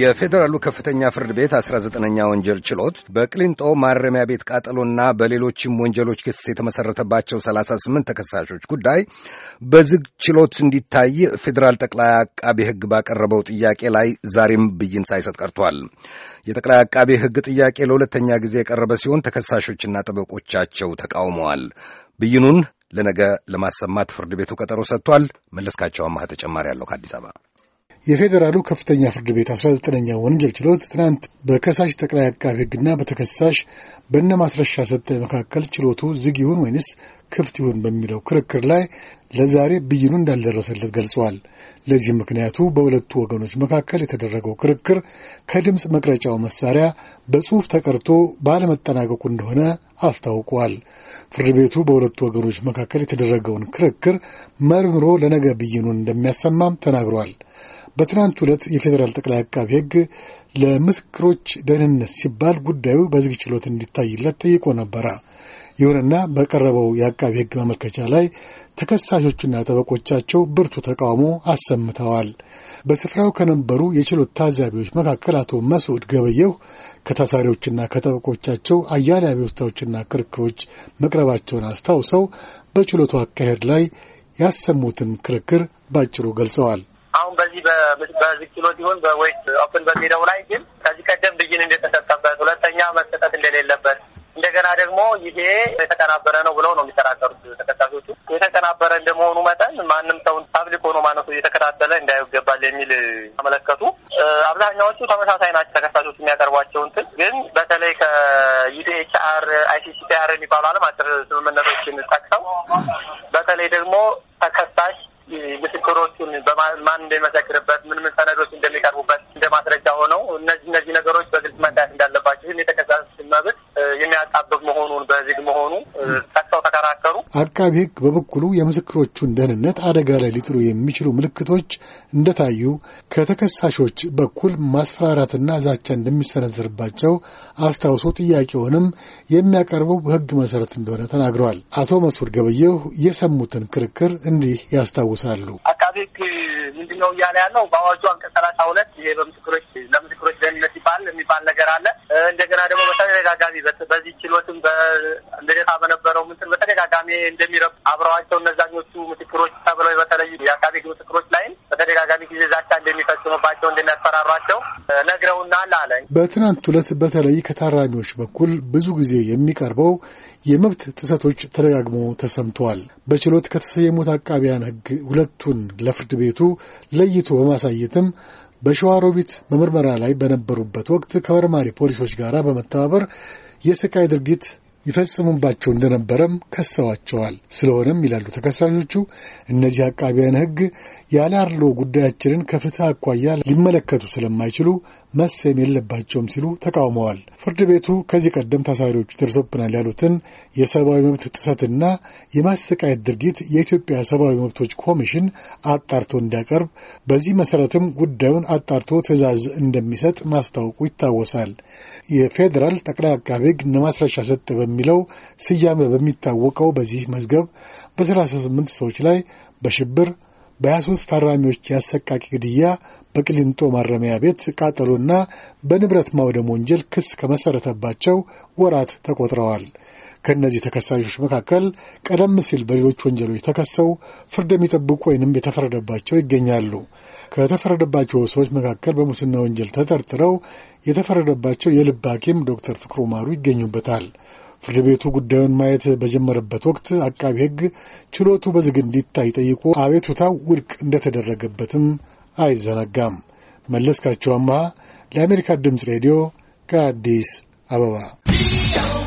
የፌዴራሉ ከፍተኛ ፍርድ ቤት 19ኛ ወንጀል ችሎት በቅሊንጦ ማረሚያ ቤት ቃጠሎና በሌሎችም ወንጀሎች ክስ የተመሠረተባቸው 38 ተከሳሾች ጉዳይ በዝግ ችሎት እንዲታይ ፌዴራል ጠቅላይ አቃቤ ሕግ ባቀረበው ጥያቄ ላይ ዛሬም ብይን ሳይሰጥ ቀርቷል። የጠቅላይ አቃቤ ሕግ ጥያቄ ለሁለተኛ ጊዜ የቀረበ ሲሆን ተከሳሾችና ጠበቆቻቸው ተቃውመዋል። ብይኑን ለነገ ለማሰማት ፍርድ ቤቱ ቀጠሮ ሰጥቷል። መለስካቸው አማህ ተጨማሪ አለው ከአዲስ አበባ የፌዴራሉ ከፍተኛ ፍርድ ቤት 19ኛ ወንጀል ችሎት ትናንት በከሳሽ ጠቅላይ አቃቢ ሕግና በተከሳሽ በነ ማስረሻ ሰጠኝ መካከል ችሎቱ ዝግ ይሁን ወይንስ ክፍት ይሁን በሚለው ክርክር ላይ ለዛሬ ብይኑ እንዳልደረሰለት ገልጿል። ለዚህ ምክንያቱ በሁለቱ ወገኖች መካከል የተደረገው ክርክር ከድምፅ መቅረጫው መሳሪያ በጽሑፍ ተቀርቶ ባለመጠናቀቁ እንደሆነ አስታውቋል። ፍርድ ቤቱ በሁለቱ ወገኖች መካከል የተደረገውን ክርክር መርምሮ ለነገ ብይኑን እንደሚያሰማም ተናግሯል። በትናንት ዕለት የፌዴራል ጠቅላይ አቃቢ ሕግ ለምስክሮች ደህንነት ሲባል ጉዳዩ በዝግ ችሎት እንዲታይለት ጠይቆ ነበረ። ይሁንና በቀረበው የአቃቢ ሕግ መመልከቻ ላይ ተከሳሾቹና ጠበቆቻቸው ብርቱ ተቃውሞ አሰምተዋል። በስፍራው ከነበሩ የችሎት ታዛቢዎች መካከል አቶ መስዑድ ገበየሁ ከታሳሪዎችና ከጠበቆቻቸው አያሌ አቤቱታዎችና ክርክሮች መቅረባቸውን አስታውሰው በችሎቱ አካሄድ ላይ ያሰሙትን ክርክር ባጭሩ ገልጸዋል። በዝግ ችሎት ይሁን በወይስ ኦፕን በሚለው ላይ ግን ከዚህ ቀደም ብይን እንደተሰጠበት ሁለተኛ መሰጠት እንደሌለበት እንደገና ደግሞ ይሄ የተቀናበረ ነው ብለው ነው የሚከራከሩት ተከሳሾቹ። የተቀናበረ እንደመሆኑ መጠን ማንም ሰውን ፓብሊክ ሆኖ ማነሱ እየተከታተለ እንዳይገባል የሚል አመለከቱ። አብዛኛዎቹ ተመሳሳይ ናቸው ተከሳሾቹ የሚያቀርቧቸውን ትል ግን በተለይ ከዩዲኤችአር አይሲሲፒአር የሚባሉ ዓለም አቀፍ ስምምነቶችን ጠቅሰው በተለይ ደግሞ ተከሳሽ ምስክሮቹን በማን እንደሚመሰክርበት ምን ምን ሰነዶች እንደሚቀርቡበት እንደ ማስረጃ ሆነው እነዚህ እነዚህ ነገሮች አቃቢ ሕግ በበኩሉ የምስክሮቹን ደህንነት አደጋ ላይ ሊጥሉ የሚችሉ ምልክቶች እንደታዩ ከተከሳሾች በኩል ማስፈራራትና ዛቻ እንደሚሰነዘርባቸው አስታውሶ ጥያቄውንም የሚያቀርበው በሕግ መሰረት እንደሆነ ተናግረዋል። አቶ መስዑድ ገበየሁ የሰሙትን ክርክር እንዲህ ያስታውሳሉ። አቃቢ ሕግ ምንድነው እያለ ያለው በአዋጁ አንቀጽ ሰላሳ ሁለት ይሄ በምስክሮች ለምስክሮች ደህንነት ይባል የሚባል ነገር አለ። እንደገና ደግሞ በተደጋጋሚ በዚህ ችሎትም እንደገና በነበረው ምትል በተደጋጋሚ እንደሚረብ አብረዋቸው እነዛኞቹ ምስክሮች ተብለው በተለዩ የአቃቤ ሕግ ምስክሮች ላይም በተደጋጋሚ ጊዜ ዛቻ እንደሚፈጽሙባቸው እንደሚያስፈራሯቸው ነግረውናል አለ። በትናንት ሁለት በተለይ ከታራሚዎች በኩል ብዙ ጊዜ የሚቀርበው የመብት ጥሰቶች ተደጋግሞ ተሰምተዋል። በችሎት ከተሰየሙት አቃቢያን ሕግ ሁለቱን ለፍርድ ቤቱ ለይቶ በማሳየትም በሸዋሮቢት በምርመራ ላይ በነበሩበት ወቅት ከመርማሪ ፖሊሶች ጋር በመተባበር የስቃይ ድርጊት ይፈጽሙባቸው እንደነበረም ከሰዋቸዋል። ስለሆነም ይላሉ ተከሳሾቹ እነዚህ አቃቢያን ሕግ ያለ አድሎ ጉዳያችንን ከፍትህ አኳያ ሊመለከቱ ስለማይችሉ መሰም የለባቸውም ሲሉ ተቃውመዋል። ፍርድ ቤቱ ከዚህ ቀደም ታሳሪዎቹ ደርሶብናል ያሉትን የሰብአዊ መብት ጥሰትና የማሰቃየት ድርጊት የኢትዮጵያ ሰብአዊ መብቶች ኮሚሽን አጣርቶ እንዲያቀርብ በዚህ መሰረትም ጉዳዩን አጣርቶ ትዕዛዝ እንደሚሰጥ ማስታወቁ ይታወሳል። የፌዴራል ጠቅላይ አቃቤ ሕግ ማስረሻ ሰጥ በሚለው ስያሜ በሚታወቀው በዚህ መዝገብ በ38 ሰዎች ላይ በሽብር በ23 ታራሚዎች የአሰቃቂ ግድያ በቅሊንጦ ማረሚያ ቤት ቃጠሎና በንብረት ማውደም ወንጀል ክስ ከመሠረተባቸው ወራት ተቆጥረዋል። ከእነዚህ ተከሳሾች መካከል ቀደም ሲል በሌሎች ወንጀሎች ተከሰው ፍርድ የሚጠብቁ ወይንም የተፈረደባቸው ይገኛሉ። ከተፈረደባቸው ሰዎች መካከል በሙስና ወንጀል ተጠርጥረው የተፈረደባቸው የልብ ሐኪም ዶክተር ፍቅሩ ማሩ ይገኙበታል። ፍርድ ቤቱ ጉዳዩን ማየት በጀመረበት ወቅት አቃቢ ሕግ ችሎቱ በዝግ እንዲታይ ጠይቆ አቤቱታው ውድቅ እንደተደረገበትም አይዘነጋም። መለስካቸው አማሃ ለአሜሪካ ድምፅ ሬዲዮ ከአዲስ አበባ